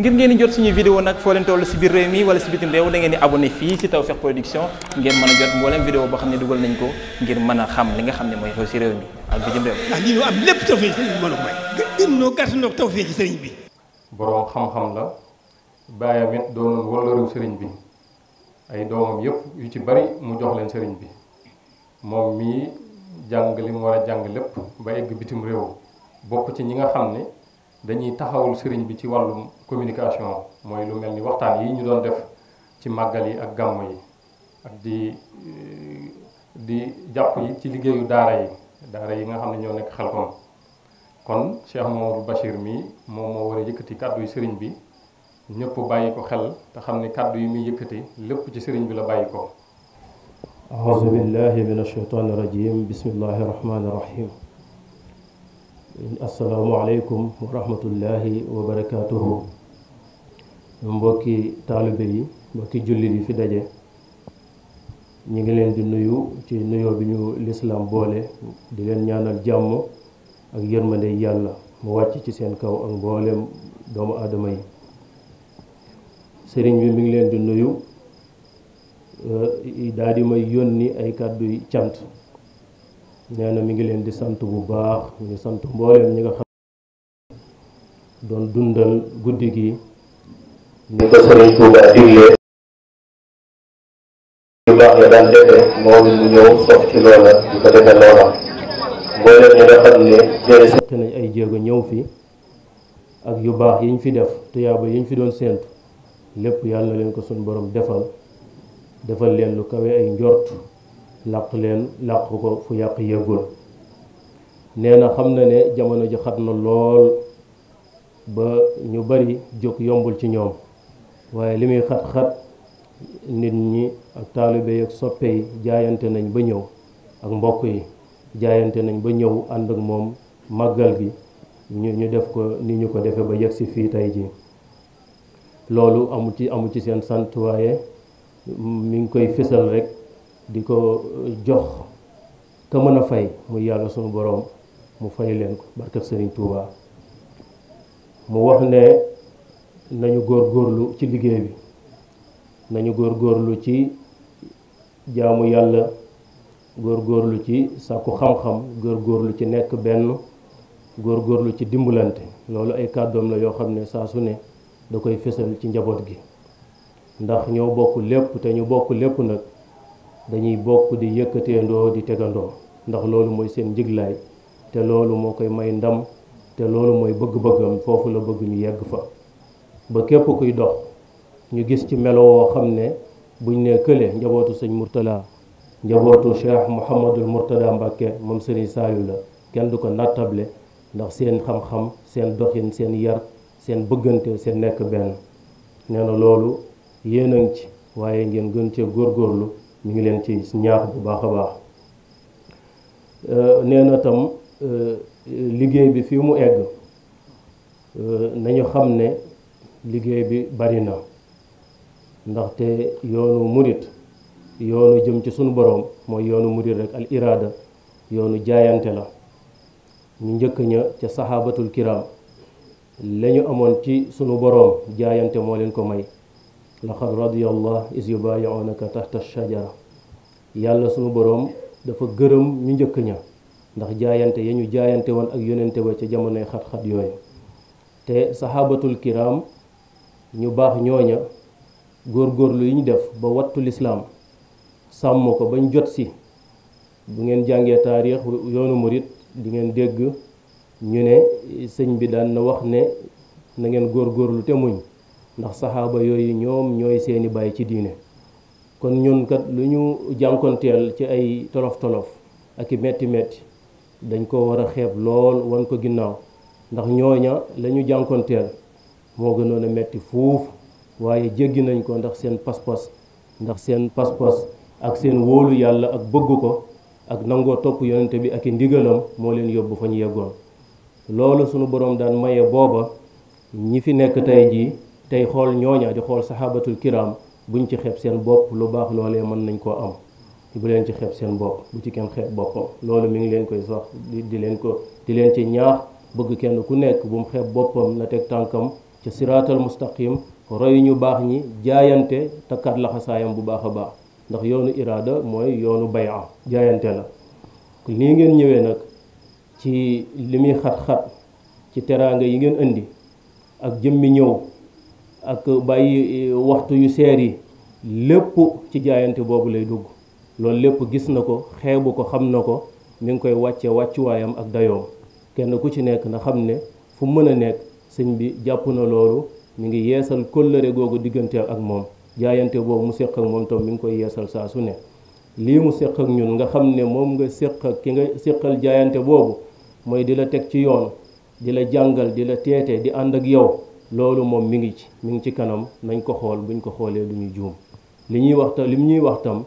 ngir ngeen di jot suñu vidéo nag foo leen toll si biir réew mi wala si bitim réew da ngeen di abonné fii si Tawfekh Production ngeen mën a jot mboolem vidéo boo xam a xam li nga xam ne mooy xew si réew mi ak bitim réew. ndax lépp tawfeex sëriñ bi mën a may. gën noo xam-xam la baayam it doonoon wëllëru sëriñ bi ay doomam yëpp yu ci bari mu jox leen sëriñ bi moom mii jàng li mu war a jàng lépp ba egg bitim réew bokk ci ñi nga xam ne dañuy taxawul sëriñ bi ci wàllum communication mooy lu mel ni waxtaan yi ñu doon def ci màggal yi ak gàmmu yi ak di eh, di jàpp yi ci liggéeyu daara yi daara yi nga xam ne ñoo nekk xelkom kon Cheikh Mamadou Bachir mi moom moo war a yëkkati kàddu yi sëriñ bi ñëpp bàyyi ko xel te xam ne kàddu yi muy yëkkati lépp ci sëriñ bi la bàyyi ko. auzu billahi min ashaytaani rajim rahmaani rahim asalaamualeykum wa rahmatullahi wa barakaatuhu mbokki taalibe yi mbokki jullit yi fi daje ñu ngi leen di nuyu ci nuyoo bi ñu lislaam boole di leen ñaanal jàmm ak yërmande yàlla mu wàcc ci seen kaw ak mbooleem doomu aadama yi sëriñ bi mi ngi leen di nuyu eh, daldi may yónni ay kàddu cant nee mi ngi leen di sant bu baax mi ngi sant mbooleem ñi nga xam doon dundal guddi gi ni ko sëriñ Tuuba diglee yu baax ya nga xam ne jëre sant nañ ay jéego ñëw fi ak yu baax yiñ fi def tuyaaba yiñ fi doon seent lépp yàlla na leen ko suñ boroom defal defal leen lu kawe ay njort làq leen làq ko fu yàq yëgul nee na xam na ne jamono ji xat na lool ba ñu bari jóg yombul ci ñoom waaye li muy xat-xat nit ñi ak taalibe ak soppe jaayante nañ ba ñëw ak mbokk yi jaayante nañ ba ñëw ànd ak moom màggal gi ñu ñu def ko ni ñu ko defee ba yegg si fii tey ji loolu amu ci amul ci seen sant waaye mm, mi ngi koy fësal rek di ko eh, jox ka mën a fay muy yàlla sunu boroom mu fay leen ko barkeb Sëriñ Tuubaa mu wax ne nañu góor góorlu ci liggéey bi nañu góorgóorlu ci jaamu yàlla góorgóorlu ci sàkku xam-xam góorgóorlu ci nekk benn góor góorlu ci dimbalante loolu ay kàddoom la yoo xam ne saa su ne da koy fésal ci njaboot gi ndax ñoo bokk lépp te ñu bokk lépp nag dañuy bokk di yëkkateendoo di tegandoo ndax loolu mooy seen njiglaay te loolu moo koy may ndam te loolu mooy bëgg-bëggam foofu la bëgg ñu yegg fa ba képp kuy dox ñu gis ci melo woo xam ne buñ ne kële njabootu sëñ Mourtala njabootu Cheikh Mouhamadul Mourtada Mbacke moom sëriñ saayu la kenn du ko nattable ndax seen xam-xam seen doxin seen yar seen bëggante seen nekk benn nee na loolu yéen a ngi ci waaye ngeen gën góor góorlu ñu ngi leen ci ñaax bu baax a baax euh, nee tam euh, liggéey bi fii mu egg euh, nañu xam ne liggéey bi bari na ndaxte yoonu murit yoonu jëm ci sunu boroom mooy yoonu murit rek al iraada yoonu jaayante la ñu njëkk ña ca saxaabatul kiram lañu amoon ci sunu boroom jaayante moo leen ko may laqad radiyallahu is yubaayi'unaka tahta shajara yàlla sunu boroom dafa gërëm ñu njëkk ña ndax jaayante ya ñu jaayante woon ak yonente ba ca jamonoy xat-xat yooyu te saxaabatul kiram ñu baax ñooña góorgóorlu yi ñu def ba wattu lislaam sàmm ko bañ jot si bu ngeen jàngee taarix yoonu morit di ngeen dégg ñu ne sëñ bi daan na wax ne na ngeen góorgóorlu te muñ ndax saxaaba yooyu ñoom ñooy seeni bàyyi ci diine kon ñun kat lu ñu jànkoonteel ci ay tolof-tolof ak i metti metti dañ ko war a xeeb lool wan ko ginnaaw ndax ñooña lañu jànkoonteel moo gënoon a metti fuuf waaye jéggi nañ ko ndax seen pas ndax seen pas ak seen wóolu yàlla ak bëgg ko ak nangoo topp yonente bi ak i ndigalam moo leen yóbbu fa ñu yeggoon loolu sunu boroom daan maye booba ñi fi nekk tey jii tey xool ñooña di xool saxaabatul kiram ñu ci xeeb seen bopp lu baax loole mën nañ koo am bu leen ci xeeb seen bopp bu ci kenn xeeb boppam loolu mi ngi leen koy sax di leen ko di leen ci ñaax bëgg kenn ku nekk bu mu xeeb boppam na teg tànkam ci siraatal mustaqim roy ñu baax ñi jaayante takkaat laxasaayam bu baax a baax ndax yoonu iraada mooy yoonu bayaa jaayante la lii ngeen ñëwee nag ci li muy xat-xat ci teraanga yi ngeen indi ak jëmmi ñëw ak bàyyi e, waxtu yu seer yi lépp ci jaayante boobu lay dugg loolu lépp gis na ko xeebu ko xam na ko mu ngi koy wàcce wàccuwaayam ak dayoom kenn ku ci nekk na xam ne fu mën a nekk sëñ bi jàpp na loolu mu ngi yeesal kóllëre googu diggante ak moom jaayante boobu mu séq ak moom tam mi ngi koy yeesal saa su ne lii mu séq ak ñun nga xam ne moom nga séq ak ki nga séqal jaayante boobu mooy di la teg ci yoon di la jàngal di la teete di ànd ak yow loolu moom mi ngi ci mu ngi ci kanam nañ ko xool buñ ko xoolee du ñu juum li ñuy wax li mu ñuy waxtam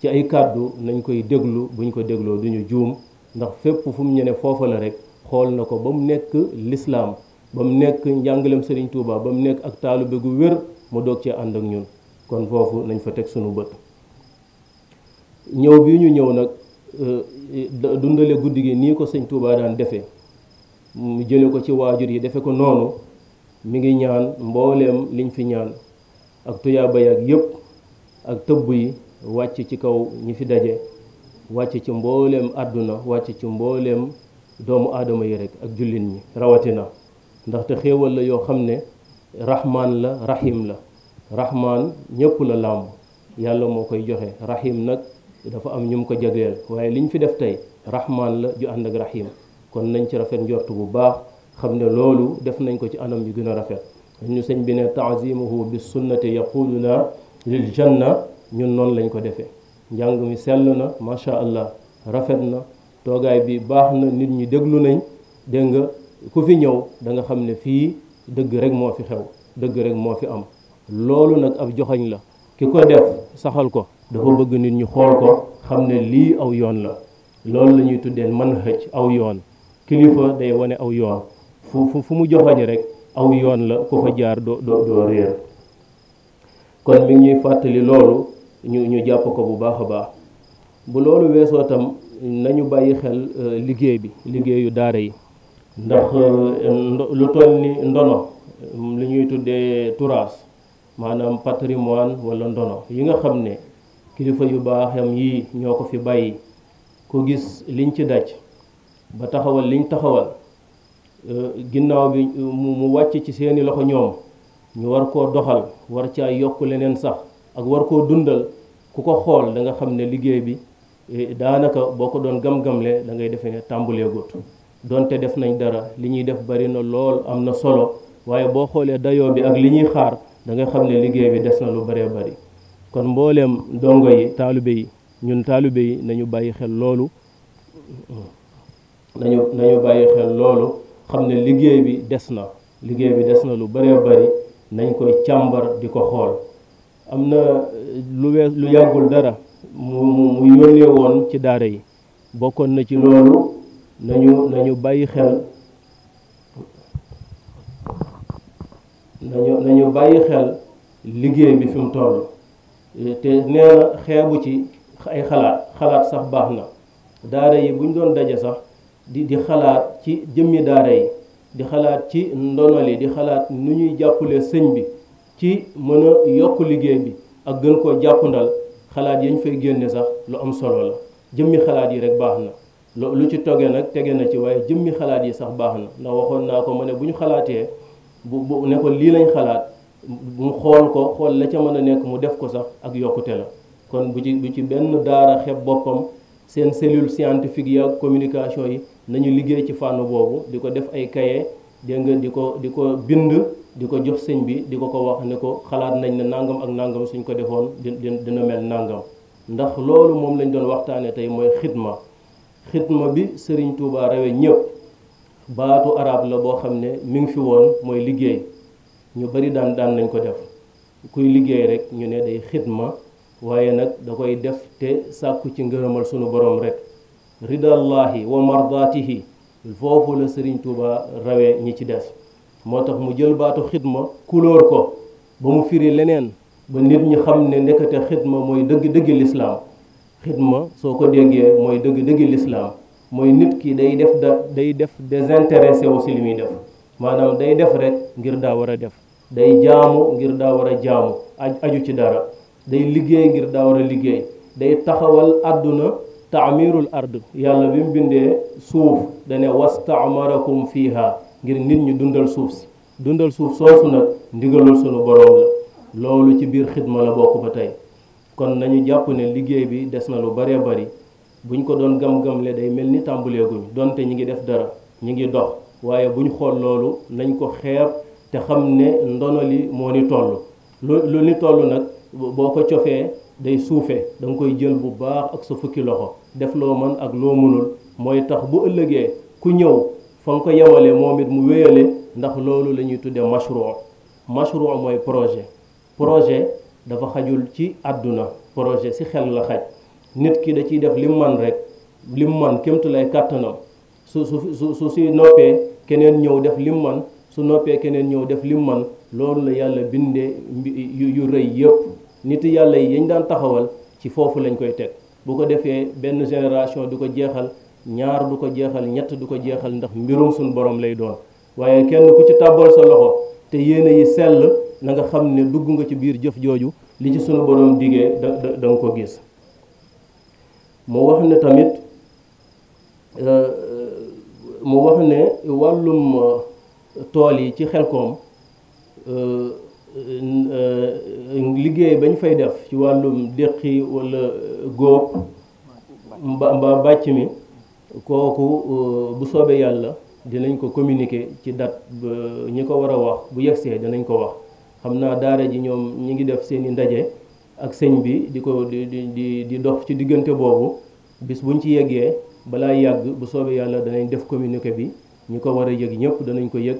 ci ay kàddu nañ koy déglu buñ ko dégloo duñu juum ndax fépp fu mu ñene foofa la rek xool na ko ba mu nekk lislaam ba mu nekk njàngalem Serigne tuubaa ba mu nekk ak taalibe gu wér mu doog cee ànd ak ñun kon foofu nañ fa teg sunu bët ñëw bi ñu ñëw nag euh, dundale guddi gi nii ko sëñ tuubaa daan defee mu jële ko ci waajur yi defe ko noonu mi ngi ñaan mbooleem liñ fi ñaan ak tuyaaba yi ak yëpp ak tëbb yi wàcc ci kaw ñi fi daje wàcc ci mbooleem àdduna wàcc ci mbooleem doomu aadama yi rek ak jullit ñi rawatina ndaxte xéewal la yoo xam ne rahmaan la rahim la rahmaan ñëpp la làmb yàlla moo koy joxe rahim nag dafa am ñu mu ko jagleel waaye liñ fi def tey rahmaan la ju ànd ak rahim kon nañ ci rafet njort bu baax xam ne loolu def nañ ko ci anam yu gën a rafet ñu sëñ bi ne taazimuhu bi sunnati naa lil janna ñun noonu lañ ko defee njàng mi sell na macha allah rafet na toogaay bi baax na nit ñi déglu nañ dégg nga ku fi ñëw da nga xam ne fii dëgg rek moo fi xew dëgg rek moo fi am loolu nag ab joxañ la ki ko def saxal ko dafa bëgg nit ñu xool ko xam ne lii aw yoon la loolu la ñuy tuddee manhaj aw yoon kilifa day wane aw yoon fu fu mu joxoñi rek aw yoon la ku fa jaar doo doo réer kon mi ñuy fàttali loolu ñu ñu jàpp ko bu baax a baax bu loolu weesoo tam nañu bàyyi xel euh, liggéey bi liggéeyu daara yi ndax euh, lu toll ni ndono li ñuy tuddee turaas maanaam patrimoine walla ndono yi nga xam ne kilifa yu baaxam yi ñoo ko fi bàyyi ku gis liñ ci daj ba taxawal liñ taxawal Euh, ginnaaw bi euh, mu wàcc ci seeni loxo ñoom ñu war koo doxal war caa yokk leneen sax ak war koo dundal ku ko xool danga xam ne liggéey bi eh, daanaka boo ko doon gam-gamle da ngay defee ne tàmbulee gut donte def nañ dara li ñuy def bari na lool am na solo waaye boo xoolee dayo bi ak li ñuy xaar da nga xam ne liggéey bi des na lu bëree bari kon mbooleem dongo yi taalibe yi ñun taalibe yi nañu bàyyi xel loolu nañu nañu bàyyi xel loolu xam ne liggéey bi des na liggéey bi des na lu bare bari nañ koy càmbar di ko xool am na eh, lu we lu yàggul dara mu mu yónnee woon ci daara yi bokkoon na ci loolu nañu nañu bàyyi xel nañu nañu bàyyi xel liggéey bi fi mu toll eh, te nee na xeebu ci ay xalaat xalaat sax baax na daara yi buñ doon daje sax di di xalaat ci jëmmi daara yi di xalaat ci ndono yi di xalaat nu ñuy jàppale sëñ bi ci mën yokk liggéey bi ak gën koo jàppandal xalaat yañ fay génne sax lu am solo la jëmmi xalaat yi rek baax na lo lu ci toge nag tege na ci waaye jëmmi xalaat yi sax baax na ndax waxoon naa ko ma ne bu ñu xalaatee bu bu ne ko lii lañ xalaat mu xool ko xool la ca mën a nekk mu def ko sax ak yokkute la kon bu ci bu ci benn daara xeb boppam seen cellule scientifique yi communication yi nañu liggéey ci fànn boobu di ko def ay cahier dégg nga di ko di ko bind di ko jox sëñ bi di ko ko wax ne ko xalaat nañ ne nangam ak nangam suñ ko defoon dina mel nangam ndax loolu moom lañ doon waxtaanee tey mooy xidma xidma bi sëriñ tuuba rawe ñëpp baatu araab la boo xam ne mi ngi fi woon mooy liggéey ñu bari daan daan nañ ko def kuy liggéey rek ñu ne day xidma waaye nag da koy def te sàkku ci ngërëmal sunu borom rek ridallahi wa mardaatihi foofu la sëriñ Touba rawe ñi ci des moo tax mu jël baatu xidma kulóor ko ba mu firi leneen ba nit ñi xam ne nekkate xidma mooy dëgg-dëgg lislaam xidma soo ko déggee mooy dëgg-dëgg lislaam mooy nit ki day def da day def désintéressé wu si li muy def maanaam day def rek ngir daa war a def day jaamu ngir daa war a jaamu aju ci dara day liggéey ngir daawar a liggéey day taxawal àdduna taamirul ard yàlla bi mu bindee suuf dane wastaamarakum fiha ngir nit ñi dundal suuf si dundal suuf soosu nag ndigalul sunu boroom la loolu ci biir xidma la bokk ba tey kon nañu jàpp ne liggéey bi des na lu bëree bëri buñ ko doon gam-gamle day mel ni tàmbuleeguñu donte ñi ngi def dara ñi ngi dox waaye buñ xool loolu nañ ko xeer te xam ne ndono li moo ni toll lu lu ni toll nag boo ko cofee day suufee da nga koy jël bu baax ak sa fukki loxo def loo man ak loo mënul mooy tax bu ëllëgee ku ñëw fa nga ko yemale moom it mu wéyale ndax loolu la ñuy tuddee mashru' mashru' mooy projet projet dafa xajul ci àdduna projet si xel la xaj nit ki da ciy def lim man rek lim man kémtu lay kàttanam su su su si noppee keneen ñëw def lim man su noppee keneen ñëw def lim man loolu la yàlla bindee yu rëy yëpp nit yàlla yi yañ daan taxawal ci foofu lañ koy teg bu ko defee benn génération du ko jeexal ñaar du ko jeexal ñett du ko jeexal ndax mbirum suñ boroom lay doon waaye kenn ku ci tàbbal sa loxo te yéene yi sell na nga xam ne dugg nga ci biir jëf jooju li ci sunu borom digee da da nga ko gis mu wax ne tamit euh, mu wax ne wàllum tool yi ci xel koom euh, Euh, euh, liggéey bañ fay def ci wàllum déqi walla euh, góob mba mba bàcc mi kooku bu soobee yàlla dinañ ko communiquer ci dat ba ñi ko war a wax bu yegsee dinañ ko wax xam naa daara ji ñoom ñi ngi def seeni ndaje ak sëñ bi di ko di di dox ci diggante boobu bis buñ ci yeggee balaa yàgg bu soobee yàlla danañ def communiqué bi ñu ko war a yëg ñëpp danañ ko yëg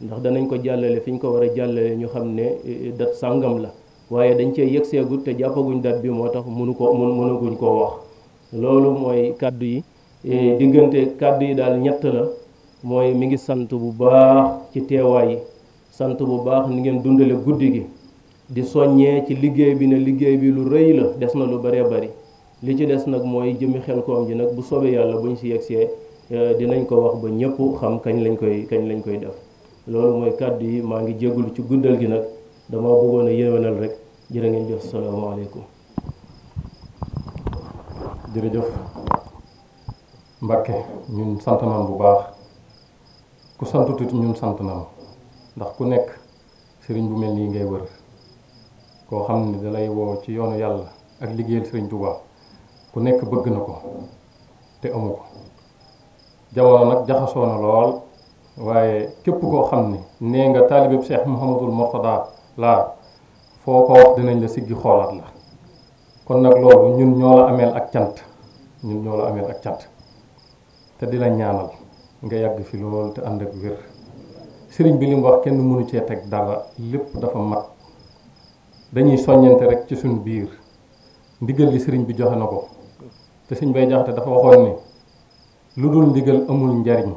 ndax danañ ko jàllale fi ñu ko war a jàllale ñu xam ne eh, eh, dat sàngam la waaye dañ cee yëg seegut te jàppaguñ dat bi moo tax munu ko mun mënaguñ koo wax loolu mooy kàddu yi eh, diggante kàddu yi daal ñett la mooy mi ngi sant bu baax ci teewaay yi sant bu baax ni ngeen dundale guddi gi di soññee ci liggéey bi ne liggéey bi lu rëy la des na lu bëree bari li ci des nag mooy jëmmi xel koom ji nag bu soobee yàlla buñ si yegsee dinañ ko wax ba ñëpp xam kañ lañ koy kañ lañ koy def loolu mooy kàddu yi maa ngi jégalu ci guddal gi nag dama bëggoon a yéwénal rek jërë ngeen jox salaamaaleykum jërëjëf Mbàkke ñun sant nañ bu baax ku sant tuuti ñun sant nañ ndax ku nekk sëriñ bu mel nii ngay wër koo xam ni dalay woo ci yoonu yàlla ak liggéeyal sëriñ Tuubaa ku nekk bëgg na ko te amu ko jamono nag jaxasoo na lool waaye képp koo xam ne nee nga taalibeb Cheikh Mouhamadul Mourtada laa foo ko wax dinañ la siggi xoolaat la kon nag loolu ñun ñoo la ameel ak cant ñun ñoo la ameel ak cant te di la ñaanal nga yàgg fi loolu te ànd ak wér sëriñ bi li mu wax kenn mënu cee teg dara lépp dafa mat dañuy soññante rek ci suñu biir ndigal li sëriñ bi joxe na ko te sëriñ bay jaxate dafa waxoon ni lu dul ndigal amul njariñ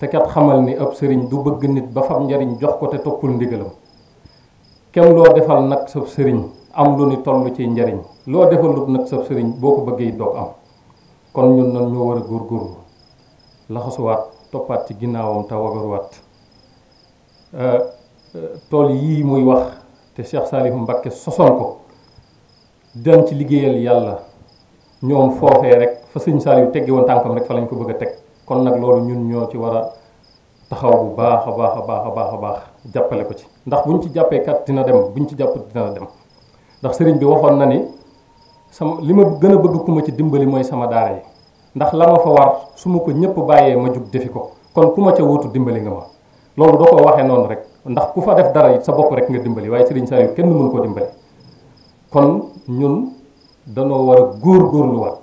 te kat xamal ni ab sëriñ du bëgg nit ba fam njariñ jox ko te toppul ndigalam kem loo defal nag sab sëriñ am lu ni toll ci njariñ loo defalut nag sab sëriñ boo ko bëggee doog kon ñun nan war a góorgóorlu laxasuwaat toppaat ci ginnaawam te wagaruwaat euh, euh, tool yii muy wax te Cheikh Saliou Mbacké sosoon ko dan ci liggéeyal yàlla ñoom foofee rek fa sëñ Saliou tegge woon rek fa lañ ko bëgg a teg kon nag loolu ñun ñoo ci war taxaw bu baax a baax a baax a baax a baax jàppale ko ci ndax buñ ci jàppee kat dina dem buñ ci jàpp dina dem ndax sëriñ bi waxoon na ni sama li ma gën a bëgg ku ma ci dimbali mooy sama daara yi ndax la ma fa war su ma ko ñëpp bàyyee ma jug defi ko kon ku ma ca wuutu dimbali nga ma loolu doo ko waxee noonu rek ndax ku fa def dara it sa bokk rek nga dimbali waaye sëriñ Saliou kenn mënu koo dimbali kon ñun danoo war a góor góorluwaat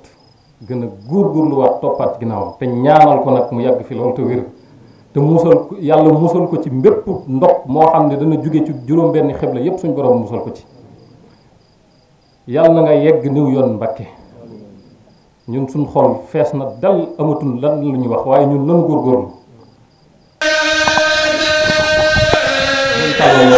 gën a góorgóorluwaat toppaat ginnaawam te ñaanal ko nag mu yàgg fi loolu te wér te musal yàlla musal ko ci mbépp ndox moo xam ne dana jóge ci juróom-benn xibla yépp suñ borom musal ko ci yàlla na nga yegg niw yoon Mbàkke ñun suñ xol fees na dal amatul lan lu ñu wax waaye ñun nan góorgóorlu ñu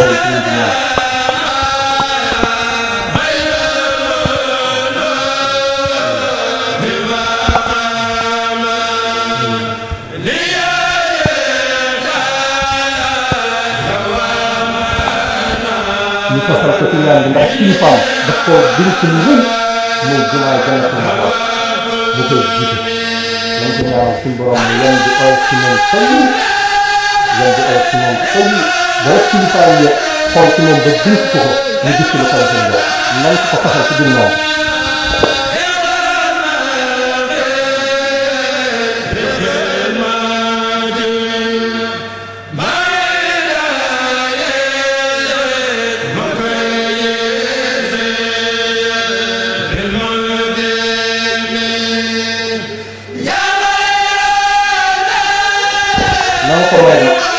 sosal ko ci ñaan bi ndax kilifaam daf koo dénk lu rëy muy jumaa Jannatul Maxwaa mu koy jiite dañ ko ñaanal suñu borom yan bi oyof ci moom xëy yan bi oyof ci moom xëy ba rek kilifaam yi xool ci moom ba dénk ko ko ñu gis ci lu ko na nga ko woy nag